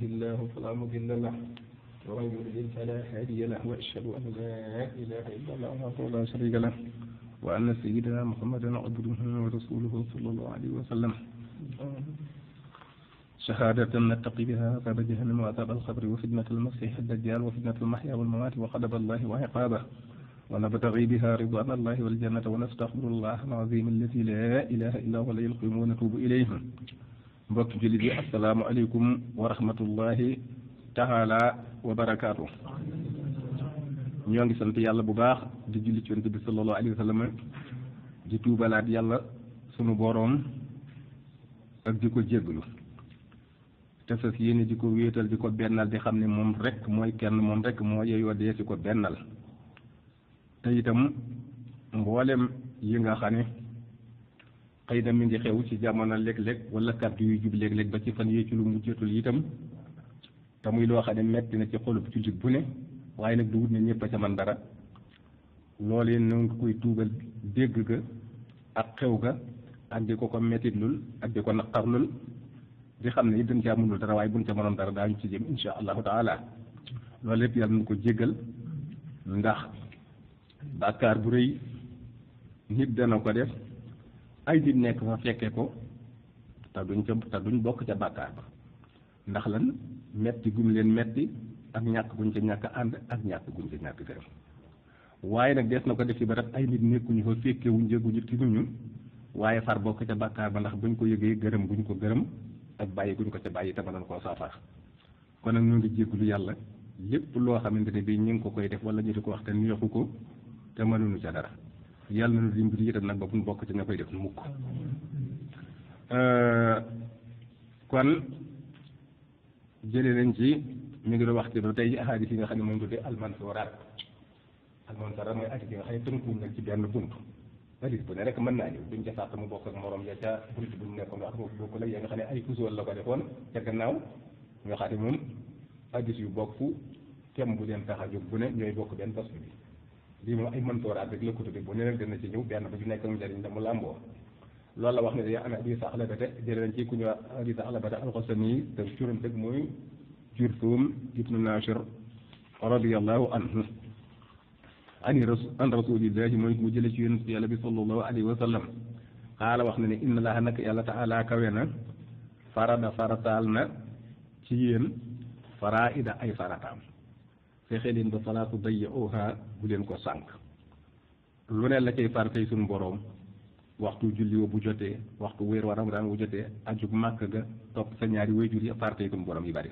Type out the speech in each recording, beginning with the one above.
يهده الله فلا مضل له ومن يضلل فلا هادي له وأشهد أن لا إله إلا الله وحده لا شريك له وأن سيدنا محمدا عبده ورسوله صلى الله عليه وسلم شهادة نتقي بها عذاب جهنم وعذاب القبر وفتنة المسيح الدجال وفتنة المحيا والممات وغضب الله وعقابه ونبتغي بها رضوان الله والجنة ونستغفر الله العظيم الذي لا إله إلا هو الذي القيوم ونتوب إليه mbokki jullit yi asalaamualeykum wa rahmatullahi taala wa barakaatu. ñoo ngi sant yàlla bu baax di julli ci yonent bi sallallahu alayhi wa di tuubalaat yàlla sunu boroom ak di ko jéggalu te fas yéene di ko wéetal di ko bennal di xam ne moom rek mooy kenn moom rek moo yeyoo dee si ko bennal te itam mboolem yi nga xam ne xëy na mi ngi xew ci jamono léeg-léeg wala kàddu yu jub léeg-léeg ba ci fan yee ci lu mujjatul itam te muy loo xam ne metti na ci xolub jullit bu ne waaye nag du wut ne ñëpp a ca man dara loolu yéen ngi koy tuubal dégg ga ak xew ga ak ko ko mettitlul ak di ko naqarlul xam ne it dañ caa mënul dara waaye buñ ca mënoon dara daañu ci jëm insha allahu taala loolu lépp yàlla na ko jéggal ndax bàkkaar bu rëy nit dana ko def ay nit nekk fa fekkee ko te duñ ca te duñ bokk ca bàkkaar ba ndax lan metti gum leen metti ak ñàkk guñ ca ñàkk ànd ak ñàkk guñ ca ñàkk gërëm waaye nag dees na ko ci barab ay nit nekkuñu fa fekkewuñ jéguñu tinuñu waaye far bokk ca bàkkaar ba ndax buñ ko yëgee gërëm guñ ko gërëm ak bàyyi guñ ko ca bàyyi te mënoon koo saafara kon nag ñu ngi jégalu yàlla lépp loo xamante ne bii ñu ngi ko koy def wala ñu di ko wax neexu ko te mënuñu ca dara yàlla na ñu mbir itam nag ba bu ñu bokk ci nga koy def mukk euh, kon jëlee nañ ci mu ngi doon wax ci ba tey ahadis yi nga xam ne moom ñu tuddee almansooraat almansooraat mooy hadis yi nga xam ne tënkuwuñ nag ci benn bunt bu ne rek mën naa ñëw duñ ca sàtt mu bokk ak morom ya ca bunt buñ nekkoon wax boobu bokkul ak ya nga xam ne ay usul la ko defoon ca gannaaw nga xam ne moom hadis yu bokk thème bu leen tax a bu ne ñooy bokk benn fas bi lii moom ay mëntooraat rek la ko tudde bu neneen dina ci ñëw benn bu ci nekk njëriñ la mu làmboo loolu la wax ne day amee Abisa Xalabata jëlee nañ ci ku ñu bi wa sallam xaala wax na ne inna laaha nag yàlla taala farada farataal na ci yéen faraida ay farataam fexe leen ba falaatu day oha bu leen ko sànq lu ne la cay fartay suñu boroom waxtu julli bu jotee waxtu wéer wa ramadaan bu jotee ajug màkk ga topp sa ñaari waajur yi fartay suñu boroom yi bari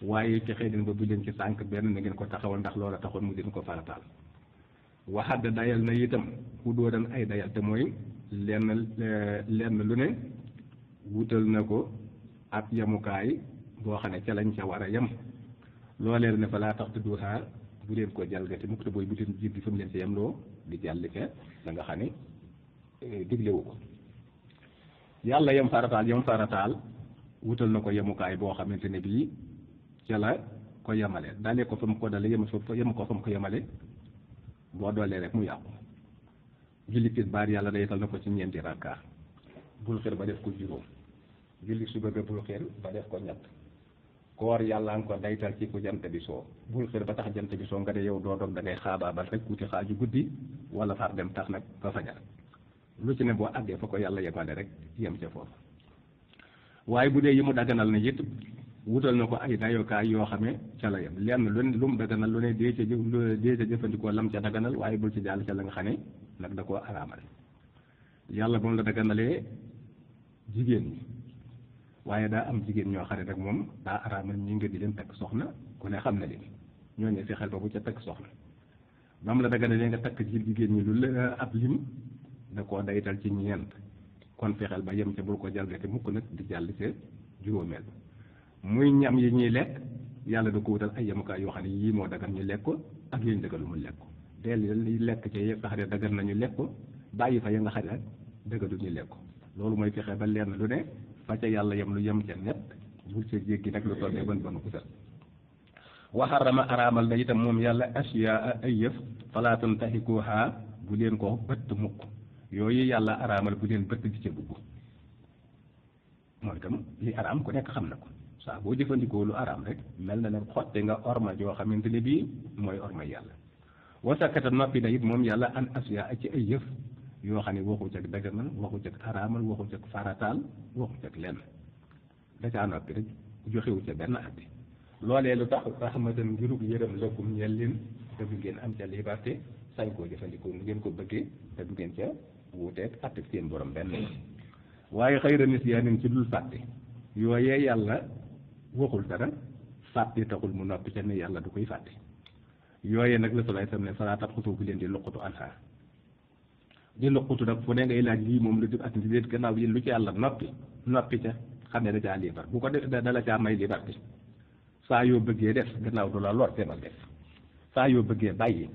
waaye fexe leen ba bu leen ci sànq benn na ngeen ko taxawal ndax loola taxoon mu leen ko farataal waxadda dayal na itam ku doodan ay dayal te mooy lenn lenn lu ne wutal na ko ab yamukaay boo xam ne ca lañ ca war a yem loolee ne fa laa tax tudd xaar bu leen ko jalgati mukk te booy bu leen jéggi fa mu leen yemloo di jàll ca la nga xam ne eh, diglewu ko yàlla yem farataal yem farataal wutal na ko yemukaay boo xamante ne bii ca la ko yemale dalee ko fa mu ko dale yem fa yem ko fa mu ko yemale boo doolee rek mu yàqu julli tisbaar yàlla daytal na ko ci ñeenti rakka bul xër ba def ko juróom julli suba bul xër ba def ko ñett koor yàlla nga ko daytal ci ku jant bi soo bul xër ba tax jant bi soo nga ne yow doo dog da ngay xaabaabal rek tuuti xaaju guddi wala far dem tax nag ba fajar lu ci ne boo àggee fa ko yàlla yemale rek yem ca foofu waaye bu dee yi mu daganal na it wutal na ko ay dayookaay yoo xamee ca la yem lenn lu lu mu daganal lu ne dee jëfandikoo lam ca dagganal waaye bul ci jàll ca la nga xam ne nag da koo araamal yàlla ba la daganalee jigéen waaye daa am jigéen ñoo xare ne nag moom daa araamal ñu ngeen di leen takk soxna ku ne xam na ñoo ñooñu fexeel ba bu ca takk soxna moom la daga ne nga takk ci jigéen ñi lu la ab lim da koo daytal ci ñeent kon fexeel ba yem ca bul ko jalgati mukk nag di jàll ca juróomeel muy ñam yi ñuy lekk da ko ay yemukaay yoo xam ne yii moo dagan ñu lekk ko ak yooyu dagal lu mu lekk ko deel lekk ca yi nga xam ne dagan nañu lekk ko bàyyi fa ya nga xam ne dagaluñu lekk ko loolu mooy fexe ba lenn lu ne fa yàlla yem lu yem ca net bul ca jéggi nag lu toll ne bën bën kusal araamal na itam moom yàlla asiyaa ay yëf falaa tuntahikuha bu leen ko bëtt mukk yooyu yàlla araamal bu leen bëtt di ca dugg mooy itam li araam ku nekk xam na ko saa boo jëfandikoo lu araam rek mel na ne xotte nga orma joo xamante ne bii mooy orma yàlla wasakata noppi na it moom yàlla an asiyaa ci ay yëf yoo xam ne waxu cag dagaman waxu cag xaraamal waxu cag farataal waxu cag lenn da caa noppi rek joxewu ca benn àtte loolee lu tax rahmatan ngirug yërëm lakum ñeel leen te du ngeen am ca liberté sañ koo jëfandikoo nu ngeen ko bëggee te du ngeen ca wuuteeg àtte seen borom benn waaye xayra nisyaanin ci dul fàtte yooyee yàlla waxul dara fàtte taxul mu noppi ca ne yàlla du koy fàtte yooyee nag la solaay tam ne falaa taxutu bu leen di luqutu anha di lëqutu nag fu ne ngay laaj lii moom lu jub ak déet lu ci yàlla noppi noppi ca xam ne da caa liibar bu ko def da la caa may liibar bi saa yoo bëggee def gannaaw du la lor demal def saa yoo bëggee bàyyi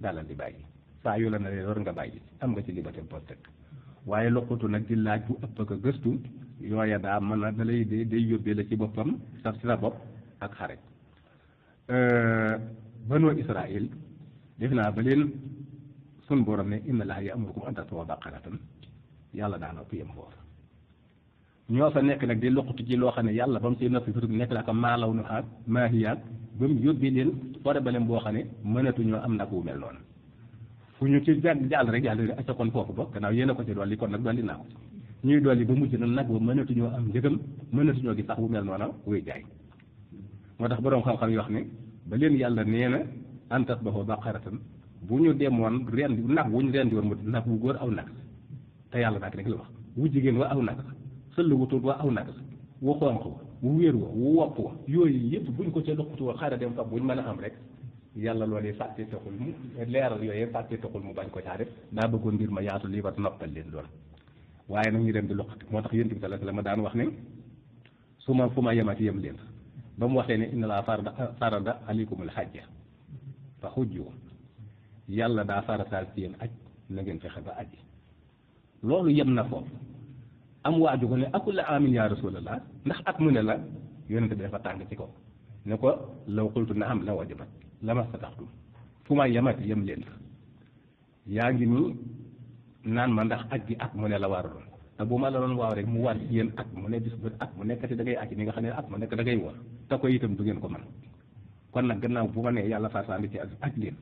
dalal di bàyyi saa yoo la na lor nga bàyyi am nga ci liberté boo teg waaye lëqutu nag di laaj bu ëpp ak gëstu yooya daa mën na da dee day yóbbee la ci boppam saf ci sa bopp ak xarit banoo Israël def naa ba leen sun borom ne inna laaha ya'murukum an tazbahu baqaratan yàlla daana yem foofu ñoo sa nekk nag di loo xam ne yàlla ba mu siy nekk la ko maalaw nu xaak maahiyaak ba mu yóbbi leen problème boo xam ne mënatuñoo am nag wu mel noonu fu ñu ci jàng jàll rek yàlla acca kon foofu ba gannaaw yéen ko ci dolli kon nag dolli naa ko ñuy dolli ba mujj na nag ba mënatuñoo am njëgam mënatuñoo gis sax wu mel noonu wuy jaay moo tax boroom xam-xam yi wax ne ba leen yàlla nee na an tasbahu baqaratan bu ñu demoon rendi nag wuñ rendi woon mu nag wu góor aw nag te yàlla nag rek la wax wu jigéen wa aw nag sëll wu tuut wa aw nag wu xonq wa wu wér wa wu wopp wa yooyu yëpp buñ ko ca lëkkutu woon xara dem bu buñ mën a am rek yàlla loolee fàtte taxul mu leeral yooyee fàtte taxul mu bañ ko caa daa bëggoon mbir ma yaatu lii war noppal leen lool waaye nag ñu dem di loqati moo tax yéen bi la alayhi wa sallam daan wax ne su ma fu ma yemati yem leen ba mu waxee ne inna laa farada farada alaykumul hajja fa xujju yàlla daa farataal ci yéen aj na ngeen fexe ba aji loolu yem na foofu am waaju ko ne akulla amin ya rasulallah ndax at mu ne la yonente bi dafa tàng ci kaw ne ko law qultu na am la wajabat lama sataxtum fu ma yemat yem leen fa yaa ngi nii naan ma ndax aj gi at mu ne la war doon te bu ma la doon waaw rek mu war ci yéen at mu ne bis bu at mu nekkati da ngay ni nga xam ne at mu nekk da ngay war te ko itam du ngeen ko man kon nag gannaaw bu ma yàlla farataal ci aj leen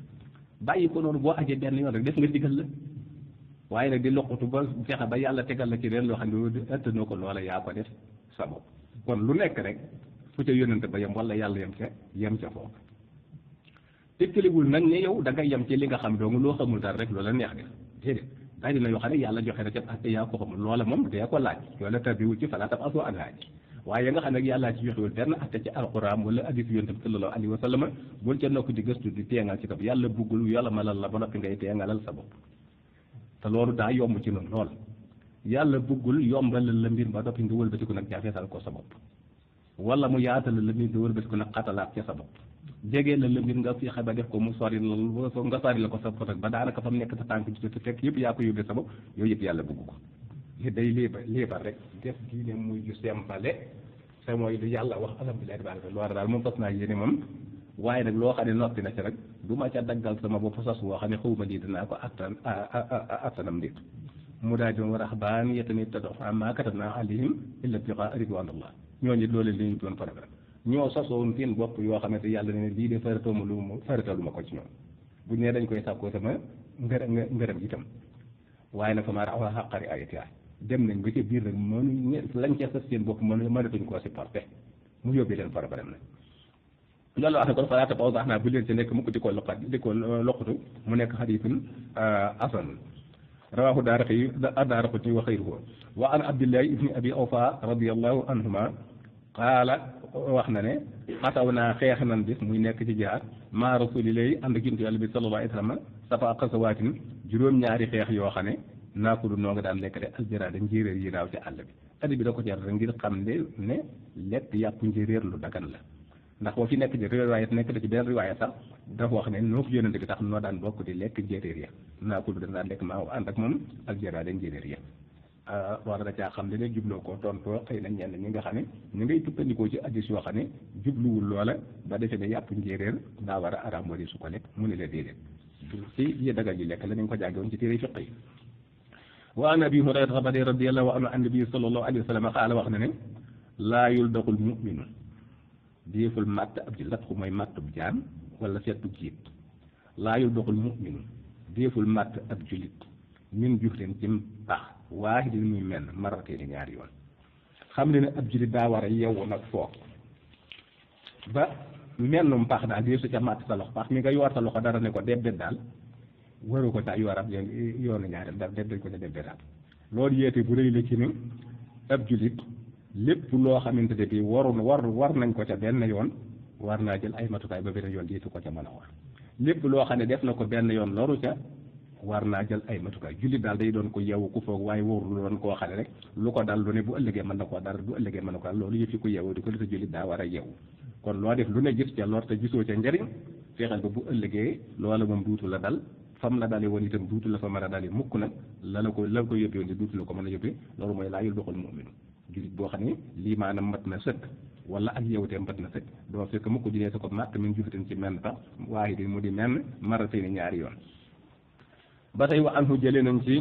bàyyi ko noonu boo ajee benn yoon rek def nga digal la waaye nag di loqutu ba fexe ba yàlla tegal la ci leen loo xam ne ëttanoo ko loola yaa ko def sa lu nekk rek fu ca yónnante ba wala yàlla yem ca yem ca foofu tëkkaliwul nag ne yow da nga yem ci li nga xam dong loo xamul dara rek la neex def déedéet day dina yoo xam ne yàlla joxe na ca atte yaa ko xamul loola moom dee ko laaj loola tabiwu ci fala taf asoo an laaj waaye nga xam ne yàllaa ci joxewul benn atte ci alquran wala hadis yonent bi sallallahu alayhi wa sallam bul ca nokk di gëstu di teengal ci kaf yàlla buggul yàlla malal la ba noppi ngay teengalal sa bopp te loolu daa yomb ci noonu lool yàlla buggul yombalal la mbir ba noppi nga ko nag jafeesal ko sa bopp wala mu yaatal la mbir nga ko nag xatalaat ca sa bopp jegee la la mbir nga fexe ba def ko mu sori nga sori la ko sa bopp ba daanaka fa mu nekk sa tànk jiite te fekk yëpp yaa ko yóbbee sa bopp yooyu yëpp yàlla bugg ko day liiba liibar rek def diine muy ju sempale te mooy lu yàlla wax alhamdulilah tabaraka loolu daal moom fas naa yéene moom waaye nag loo xam ne noppi na ci rek du ma ca daggal sama bopp sas woo xam ne xaw ma lii naa ko attan attanam nit mu daal di war a xabaan yetani tadox amma katabna alayhim illa ibtiqa ridwanallah ñooñu loolu la ñu doon faral ñoo sasoon seen bopp yoo xamante yàlla ne lii de faratuma lu ma farataluma ko ci ñoom bu nee dañ koy sàkkoo sama ngërëm ngërëm itam waaye nag fa maa dem nañ bi ca biir rek mënuñ lañ ca sas seen bopp mën mënatuñ koo supporté mu yóbbee leen problème nag loolu wax na kon falaata paw sax naa ci nekk mukk di ko loqat di ko loqatu mu nekk xadiisun euh, asan rawaahu daaraqi daaraqutni wa xayruhu wa an abdillahi ibni abi awfa radiallahu anhuma qaala wax na ne xataw naa xeex nan bis muy nekk ci jaar maa rasulillahi ànd ak yonent yàlla bi sallallahu alayhi wa sallam safa xasawaatin juróom-ñaari xeex yoo xam ne naa ko du noo nga daan lekk de aljaraade njéeréer yi raaw ci àll bi adi bi da ko jar rek ngir xam ne ne lekk yàpp njéeréer lu dagan la ndax boo fi nekk di riwaaya nekk da ci benn riwaaya sax dafa ne noo daan bokk di lekk njéeréer ya naa ko du dana daan lekk maa ak moom aljaraade njéeréer ya ah, war da caa xam ne ne jubloo koo tontoo xëy na ñenn ñi nga xam ne ñu ngay tukkandikoo ci addis yoo xam ne jubluwul loola ba defee ne yàpp njéeréer daa war a aram wari su ko lekk mu ne la déedéet ci yi dagal yi lekk la ni nga ko jànge ci téere fiq yi wa an abi hurayrata ba dee radiallahu anhu an nabi sallallahu alayhi wa sallam wax na ne laa yuldaqul muminu déeful màtt ab ji latxu mooy màttub jaan wala settub jiit laa yuldaqul muminu déeful màtt ab julit min juxrin ci pax waahidin muy menn marrateeni ñaari yoon xam ne ne ab julit daa war a yewwu nag foog ba mennum pax daal dée su ca màtt sa loxo pax mi nga yor sa loxo dara ne ko debdet daal waru ko sax yoorab yoon yoonu ñaareel daf def dañ ko ca def dara loolu yeete bu rëy la ci ne ab julit lépp loo xamante ne bii waroon war war nañ ko ca benn yoon war naa jël ay matukaay ba beneen yoon diitu ko ca lépp loo xam ne def na ko benn yoon loru ca war naa jël ay matukaay jullit daal day doon ko yeewu ku foog waaye wóorul doon koo xam ne rek lu ko dal lu ne bu ëllëgee mën na koo dara bu ëllëgee mën ko dal loolu yëfi ko yeewu di ko dita jullit daa war a yeewu kon loo def lu ne gis ca lor te gisoo ca njëriñ fexeel ba bu ëllëgee loola moom duutu la dal fam la dalee woon itam duutu la fa mën a dalee mukk nag la la ko la ko yóbbee woon la ko mën a yóbbee loolu mooy laa yul doxal mu'min jullit boo xam ne lii maanaam mat na sëkk wala ak yewtee mat na sëkk doo fekk mukk julee sa ko màtt min jufitan ci menn sax waaye di mu di menn maratay ni ñaari yoon ba tey wa anhu jëlee nañ ci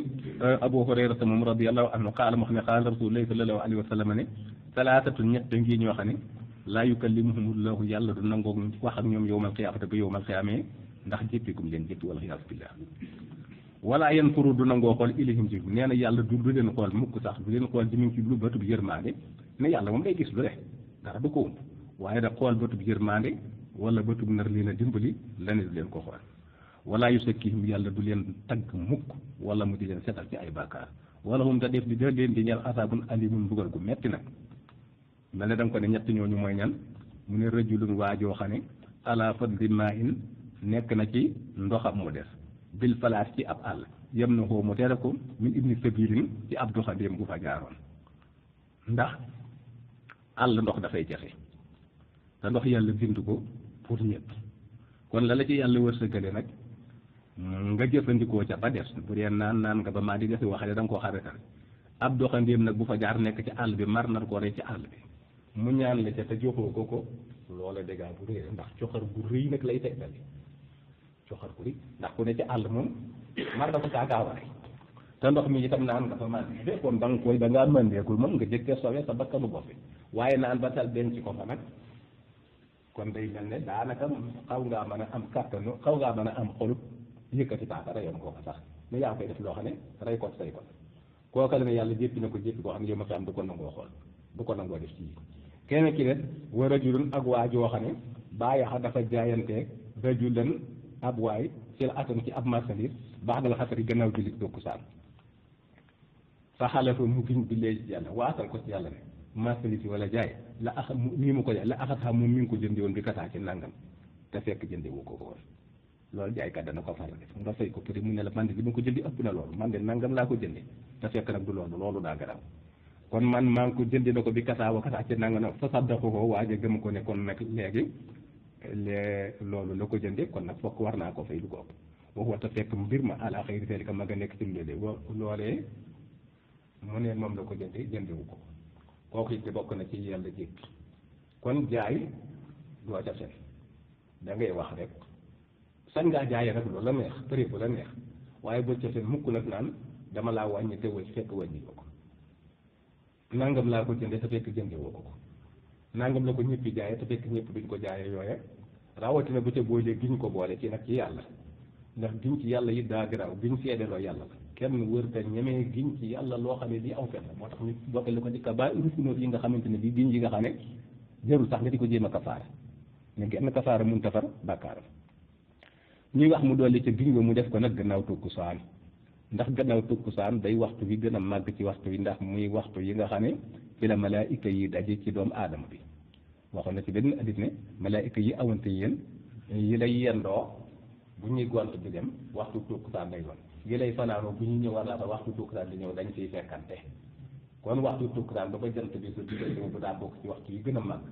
euh, abu hurayrata moom radiallahu anhu qaala moo xam ne qaala rasulullahi sallallahu alayhi wa sallam ne salaasatu ñett ngi ñoo xam ne laa yukallimuhumullahu yàlla du nangoog wax ak ñoom yowmal qiyaamata ndax jëppee gum leen jëpp wala iyaasu billah wala yan kuru du nangoo xool ilihim ci nee na yàlla du leen xool mukk sax du leen xool jëmee ci lu bëtub yërmande ne yàlla moom day gis lu def dara du ko wum waaye da xool bëtub yërmande wala bëtub nar leen a dimbali la ne du leen ko xool wala yusakkihim yàlla du leen tagg mukk wala mu di leen setal ci ay bàkkaar wala hum te def di da leen di ñeel asaabun alimun mbugal gu metti nag mel ne da ko ne ñett ñooñu mooy ñan mu ne rajulun waajoo xam ne ala fadli ma nekk na ci ndoxam mu des bil falaat ci ab àll yem na xoo mu tere ko min ibni sabirin ci ab doxandéem gu fa jaaroon ndax àll ndox dafay jafe te ndox yàlla bind ko pour ñëpp kon la la ci yàlla wërsëgale nag nga jëfandikoo ca ba des bu dee naan naan nga ba maa di desi waxale da nga koo xaretal ab doxandéem nag bu fa jaar nekk ci àll bi mar nar ko rey ci àll bi mu ñaan la ca te joxoo ko ko loola dégg bu réer ndax coxar bu rëy nag lay tegtali joxar ko li ndax ku ne ci àll moom mar ko caa a rey te ndox mi itam naan nga fa mandé kon da nga koy da ngaa moom nga jëkkee sowe sa bakkanu bopp bi waaye naan ba tal denc ko fa nag kon day mel ne daanaka xaw ngaa mën a am kàttanu xaw ngaa mën a am xolub yëkkati paaka reyoon koo ko sax mais yaa koy def loo xam ne rey ko say ko kooka yàlla jéppi na ko jéppi koo xam ne yow ma fi am du ko nangoo xool du ko nangoo def ci kenn ki des wa rajulun ak ab waay ci la atam ci ab marsalis baaxdal xasari gannaaw jullit dokku saan fa xalafa mu giñ bi léegi yàlla waatal ko ci yàlla ne marsalis wala jaay la axa mii mu ko jaay la axat xam moom ko jëndi woon bi kasaa ci nangam te fekk jënde woo ko ko woon loolu jaaykat dana ko faral def nga fay ko prix mu ne la man de li ma ko jëndi ëpp na loolu man de nangam laa ko jënde te fekk nag du loolu loolu daa garaaw kon man maa ngi ko jëndi na ko bi kasaa wa kasaa ci nangam fa saddaqo ko waaja gëm ko ne nag léegi loolu la ko jëndee kon nag fokk war naa ko fay lu ko ëpp boo war a fekk mbir ma àla xëy ka ma nga nekk ci loolee loolee mu ne moom la ko jënde jëndewu ko kooku it bokk na ci yàlla jéggi kon jaay doo ca sel da ngay wax rek sañ ngaa jaayee rek loolu la neex prix bu la neex waaye boo ca sel mukk nag dama laa wàññi te wëcc fekk wàññi ko nangam laa ko jëndee te ko ko nangam la ko ñëpp di jaayee te fekk ñëpp duñ ko jaaye yooya rawatina bu ca boole giñ ko boole ci nag ci yàlla ndax giñ ci yàlla it daa garaaw giñ seedeloo yàlla la kenn wër te ñemee giñ ci yàlla loo xam ne lii aw fen la moo tax ñu bokkale ko ci kabaa'iru sunuub yi nga xamante ne bii giñ yi nga xam ne jarul sax nga di ko jéem a kafaara ne genn kafaara mun tafar bàkkaaram ñuy wax mu dolli ca giñ ba mu def ko nag gannaaw tukkusaan ndax gannaaw tukkusaan day waxtu bi gën a màgg ci waxtu yi ndax muy waxtu yi nga xam ne ci la malaayika yi daje ci doomu aadama bi waxoon na ci benn addit ne malaayika yi awante yéen yi lay yendoo bu ñuy gont bi dem waxtu tukkusaan lay doon yi lay fanaanoo bu ñu ñëw war laata waxtu tukkusaan di ñëw dañ ciy fekkante kon waxtu tukkusaan ba ba jant bi sa diggante bu daa bokk ci waxtu yi gën a màgg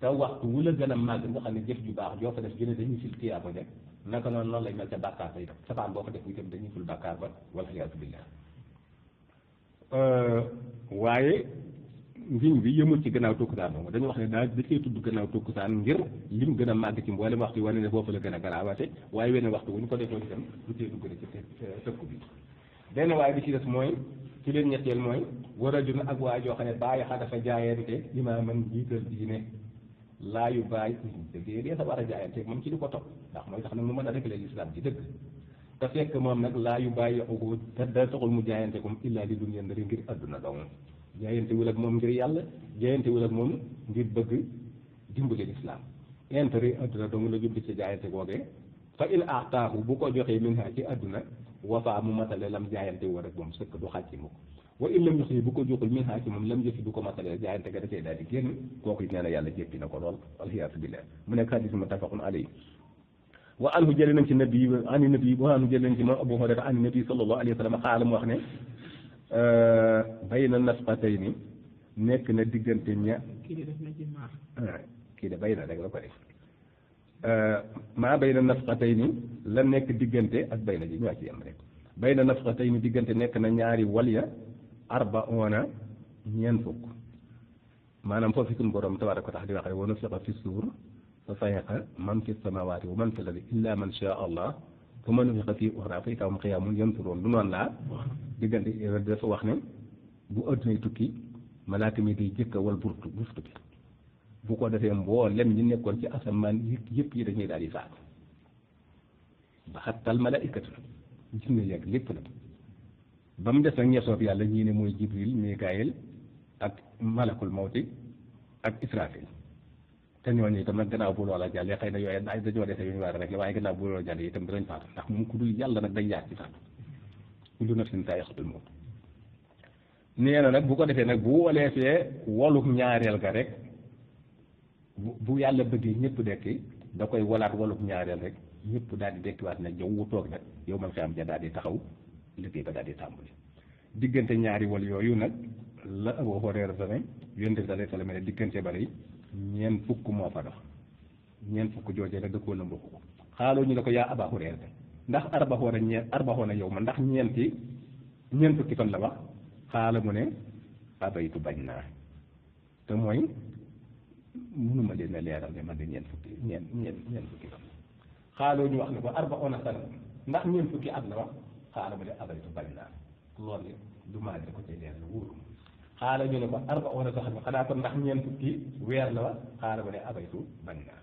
te waxtu wu la gën a màgg nga xam ne jëf ju baax joo fa def gën a dañuy fil tiyaaba de naka noonu noonu lay mel ca bàkkaar bay def safaan boo fa def itam dañuy ful bàkkaar ba wala iyaasu billah euh, waaye ngiñ bi yëmul ci gannaaw tukkusaan moom dañu wax ne daal da cee ngir lim gën a màgg ci mboolem waxtu yi wane ne foofu la gën a garaawaate waaye wenn waxtu bu ñu ko defee itam du cee dugg ci benn waaye bi ci des mooy ci leen ñetteel mooy war a jun ak waa joo xam ne bàyyi xa dafa jaayante imaaman jiital diine laayu bàyyi dëggee dee sa war a jaayante moom ci di ko topp ndax mooy tax nag mu mën a réglé lislaam ci dëgg te fekk moom nag yu bàyyi axuko te dara taxul mu jaayante comme illa li dunya ngir adduna dong jaayantewul ak moom ngir yàlla jaayantewul ak moom ngir bëgg dimbali lislaam intérêt adduna dong la jubbi ci jaayante googee fa in aataahu bu ko joxee min ha ci adduna wafaa mu matale lam jaayante woo rek moom sëkk du xàcc mukk wa in lam yoxi bu ko joxul min ci moom lam jëfi du ko matale jaayante ga dafay daal di génn kooku it nee na yàlla jéppi na ko lool alxiyaatu billah mu nekk xadis muttafaqun alayhi wa anhu jëlee nañ ci nabi ani nabi wa anhu jëlee Euh, bayna ni nekk na diggante ña kii ah, de bay na rek la ko def euh, maa bayna ni la nekk diggante ak bayna ji ñoo ci am rek bayna nafqatayni diggante nekk na ñaari walya arbaona ñeent fukk maanaam foofu suñu borom tabaaraka di waxee wa nufiqa fi suur fa fayaqa man fi samawaati wa man fi l ardi illa man shaa allah su ma nufixa fii uxraa fa idaa hum qiyaamun yanzuruun du laa diggante dafa wax ne bu addunay tukki malaaka mi day jëkka wal burtu buftu bi bu ko defee mboolem ñi nekkoon ci asamaan yëpp yi dañuy daal di faat ba xattal malaaikatu jinne yeeg lépp la ba mu des nag ñee yàlla ñii ne mooy jibril mikaayil ak malakul mawti ak israfil te ñooñu itam nag gannaaw bu loola jàllee xëy na yooyu ay dañoo dese yu ñu war a rek waaye gannaaw bu loola jàllee itam danañ faatu ndax moom ku dul yàlla na nag bu ko defee nag bu woleefee woluk ñaareel ga rek bu bu yàlla bëggee ñëpp dekki da koy walaat woluk ñaareel rek ñëpp daal di dekkiwaat nag yow wu toog nag yow man xiyaam ja daal di taxaw liggéey ba daal di tàmbali diggante ñaari wol yooyu nag la Abu Hurayra ne yonent bi sallallahu alayhi wa sallam diggante bari ñeent fukk moo fa dox ñeent fukk joojee rek da koo lëmb ko xaaloo ñu ne ko yaa abaa hurayra ndax arbaxoona ñeent arbaxoona yow ma ndax ñeenti ñeent fukki fan la wax xaala mu ne abaytu bañ naa te mooy a leeral ne man de ñeent fukki ñu wax ne ko arbaxoona sana ndax ñeent fukki at la wax xaala mu abaytu bañ naa loolu du maa ko ci leeral wóoruma xaala ñu ne ko arba ona sax mi xanaa kon ndax ñeent fukki weer la wa xaala mu ne abaytu bañ naa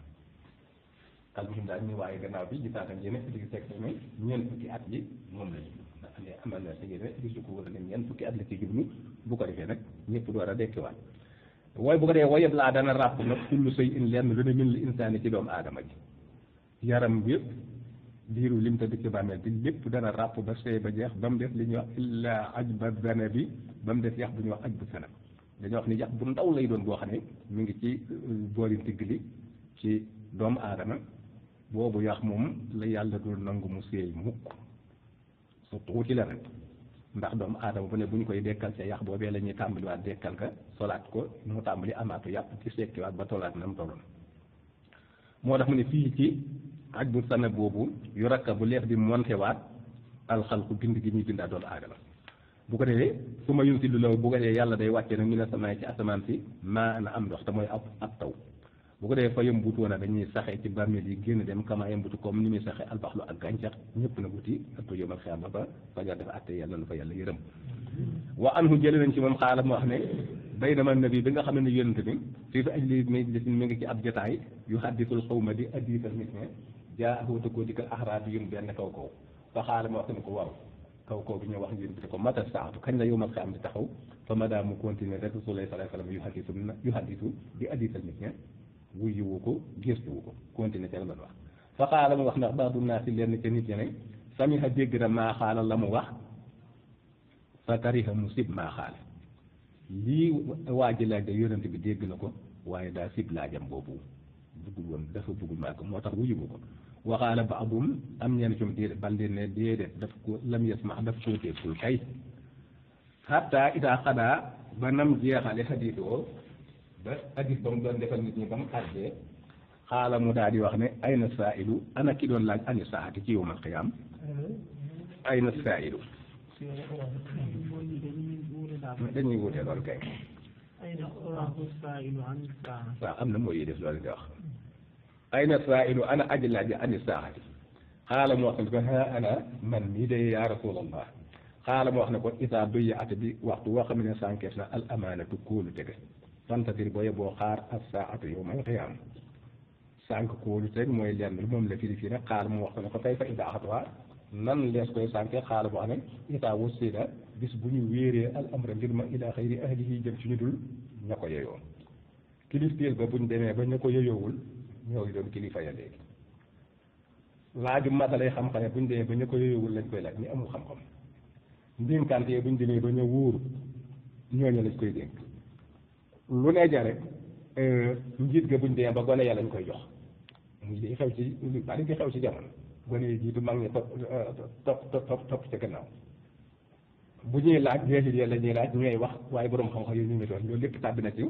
xal bu daal ñu waaye gannaaw bi gisaatam yéen teg ne ñeent fukki at yi moom la ñu ndax am na ko wala ne ñeent fukki at la bu ko defee nag ñëpp door a dekkiwaat wooy bu ko dee woyeb laa dana ràpp nag kullu sëy in lenn lu ne min li insaani ci doomu aadama ji yaram yëpp diiru lim tëdd ci bàmmeel bi lépp dana ràpp ba sey ba jeex ba mu def li ñuy wax illa aj ba zane bi ba mu def yax bu ñuy wax aj bu sana dañoo wax ni yax bu ndaw lay doon boo xam ne mu ngi ci euh, boori ndigg li ci doomu aadama boobu yax moom la yàlla dul nangu mu seey mukk su tuuti la nag ndax doomu aadama bu ne bu ñu koy dekkal ca yax boobee la ñuy tàmbaliwaat dekkal ka solaat ko mu tàmbali amaatu yàpp ci sekkiwaat ba tolaat na mu toloon moo tax mu ne fii ak bu sana boobu yu rakka bu leef bi monté waat ku bind gi ñuy bindaa doon aadama bu ko defee su ma yun si lu law bu ko defee yàlla day wàccee nag ñu ne samaay ci asamaan am ndox te mooy ab ab taw bu ko defee fa yëmbutu woon dañuy saxe ci bàmmeel yi génn dem kama yëmbutu comme ni muy saxe albaxlu ak gàncax ñëpp na wuti ak ko yómal xiyaam ba ba fajar dafa àtte yàlla na fa yàlla yërëm wa anhu jële nañ ci moom xaala moo wax ne bay dama nabi bi nga xam ne yonent bi fii fi aj li mi ngi ci ab jotaay yu xaddisul ma di addiisal nit jaa ak wata koo dikkal axaraatu yun benn kaw kaw fa xaala wax ne ko waaw kaw kaw bi ñu wax yun ko mata saatu kañ la yow ma xam di taxaw fa ma daa mu continuer rek Rasulullah sallallahu alayhi wa sallam yu hadisu di hadisal nit ña wuyuwu ko gëstuwu ko continuer ca la doon wax fa xaala mu wax ndax baax du naa si lenn ca nit ña ne samiha dégg na maa la mu wax fa kariha mu sib maa xaala lii waa ji laaj de yonent bi dégg na ko waaye daa sib laajam boobu bëggul woon dafa bëggul maa ko moo tax wuyuwu ko waxaala ba abum am ñenn ci déedéet bal di ne déedéet daf ko lam yes ma daf koo déggul kay xatta ita xadaa ba nam jeexale xadiisoo ba xadiis ba mu doon defal nit ñi ba mu xàjjee xaala mu di wax ne ay na saa'ilu ana ki doon laaj ani saati ci yowmal am na mooy def loolu di wax ayna saailu ana aji laaji ani saaxati xaala mu ana man mii de yaa rasulallah xaala mu wax ne ko isa doy ati bi waxtu woo xam ne sànkeef na al amaanatu kóolu tege fantatir booye boo xaar as saatu yow mal xiyaam sànq kóolu teg mooy lenn lu moom la firi fii nag xaala mu wax ne ko kay fa ida axatuwaa nan lees koy sànke xaala mu wax ne isa wasila bis bu ñu wéeree al amra mbir ma ila xayri ahlihi jëm ci ñu dul ña ko yeyoon kilifteef ba buñ demee ba ña ko yeyoowul ñoo ngi doon kilifa ya léegi laaju masalay xam-xam ya buñ demee ba ñu ko yëyewul lañ koy laaj ñu amul xam-xam ndénkante yi buñ demee ba ñu wóoru ñooñu lañ koy dénk ne jare euh, njiit buñ demee ba gone ya lañ koy jox muy li xew ci lu bari di xew ci jamono gone yi jiitu mag ñi topp topp topp topp ca gannaaw bu ñuy laaj jeexit yàlla ñuy laaj ñooy wax waaye borom xam-xam yi ñu ngi doon loolu lépp tàbbi na ci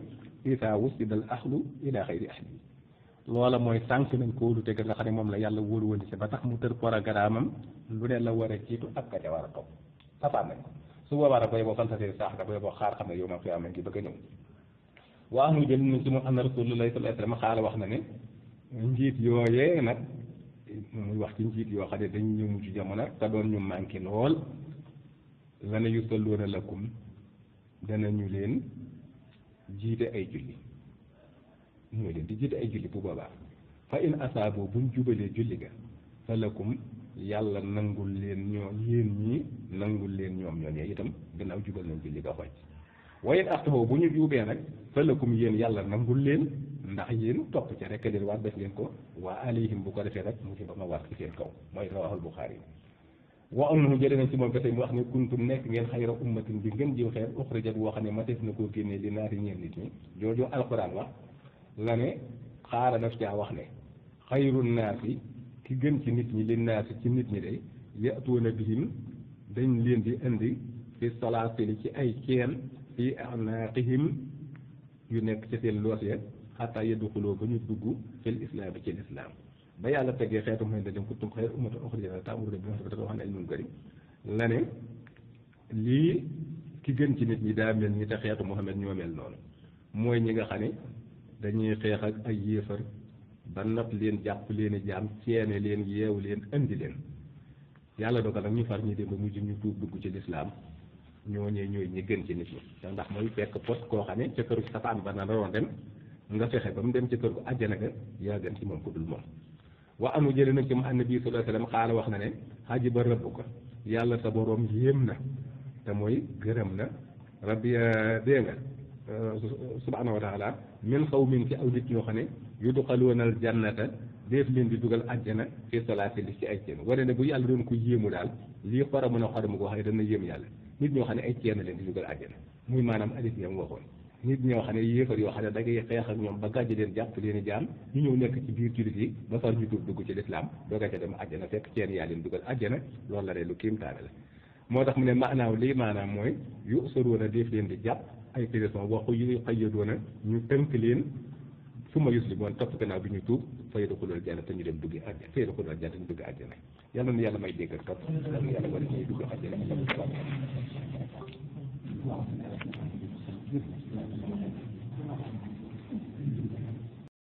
isaa wusidal ahlu ila xayri ahli loola mooy tànk nañ ko wóolute ga nga xam ne moom la yàlla wóolu woon si ba tax mu tër programme lu ne la war a jiitu ak ka ca war a topp safaan nañ ko su boobaa nag booy boo fantasee saax da booy boo xaar xam ne yow ma fi amee ngi bëgg a ñëw waa muy jël ñu si mu am na rasulullah sallallahu alayhi wasallam xaala wax na ne njiit yooyee nag muy wax ci njiit yoo xam ne dañ ñëw ci jamono te doon ñu manqué lool lana yusalluuna lakum danañu leen jiite ay mooy leen di jiite ay julli bu boobaa fa in asaaboo buñ jubalee julli ga fa yàlla nangul leen ñoo yéen ñii nangul leen ñoom ñooñee itam gannaaw jubal nañ julli ga xoj wa in axtawoo bu ñu juubee nag fa lakum yéen yàlla nangul leen ndax yéen topp ca rekk leen waat def leen ko waa alayhim bu ko defee rek mu si ba ma waat ci seen kaw mooy rawahul Buxaari wa annahu jëlee nañ ci moom ba mu wax ne kuntum nekk ngeen xayra ummatin bi ngeen jiw xeer uxrijat xam ne ma na koo génnee li naari ñeen nit ñi joojoo la ne xaara daf caa wax ne xayru naasi ki gën ci nit ñi li naasi ci nit ñi day yatuuna bihim dañ leen di indi fi salaasili ci ay ceen fi anaaqihim yu nekk ci seen loos ya xataa yadxuloo ba ñu dugg fil islaam ci lislaam ba yàlla tegee xeetu mooy dañu kuntum xayra ummatin uxrijat ta'muruna bil wa tanhawna 'anil munkar la lii ki gën ci nit ñi daa mel ñi te xeetu Muhammad ñoo mel noonu mooy ñi nga xam ne dañuy xeex ak ay yéefar ba nat leen jàpp leen i jaam ceene leen yeew leen andi leen yàlla dogal nag ñu far ñi dem ba mujj ñu tuub dugg ci lislaam ñooñee ñooy ñi gën ci nit ñi ndax mooy fekk post koo xam ne ca këru safaan ba na naroon dem nga fexe ba mu dem ca kër gu àjjana ga yaa gën ci moom ku dul moom wa anu jële nag ci mu annabi sallallahu alayhi wasallam wax na ne xaj ba rëbb ko yàlla sa boroom yéem na te mooy gërëm na rabbi dee nga Euh, subhanahu wa taala min xawmin ci aw nit ñoo xam ne yudxaluuna al jannata def leen di dugal àjjana fi salaatil ci ay ceen wane ne bu yàlla doon ko yéemu daal lii xora mën a xoramu ko wax ne dana yéem yàlla nit ñoo xam ne ay ceen leen di dugal àjjana ñoo xam ne yéefar yoo xam ne da ngay xeex ak ñoom ba gàjj leen jàpp leen i jaam ñu ñëw nekk ci biir jullit yi ba far ñu tuub dugg ci lislaam dooga ca dem àjjana fekk ceen yaa leen dugal àjjana loolu la de lu kiimtaane la moo tax mu ne maanaaw lii maanaam mooy yu sëruuna def leen di jàpp ay téléphone waxu yu xayyadoona ñu tënk leen su ma yuslimoon topp gannaaw bi ñuy tuub fa yadxulul janna te ñu dem dugg àjjana fa yadxulul janna te ñu dugg àjjana yàlla na yàlla may dégg ak topp yàlla na yàlla war a ñuy dugg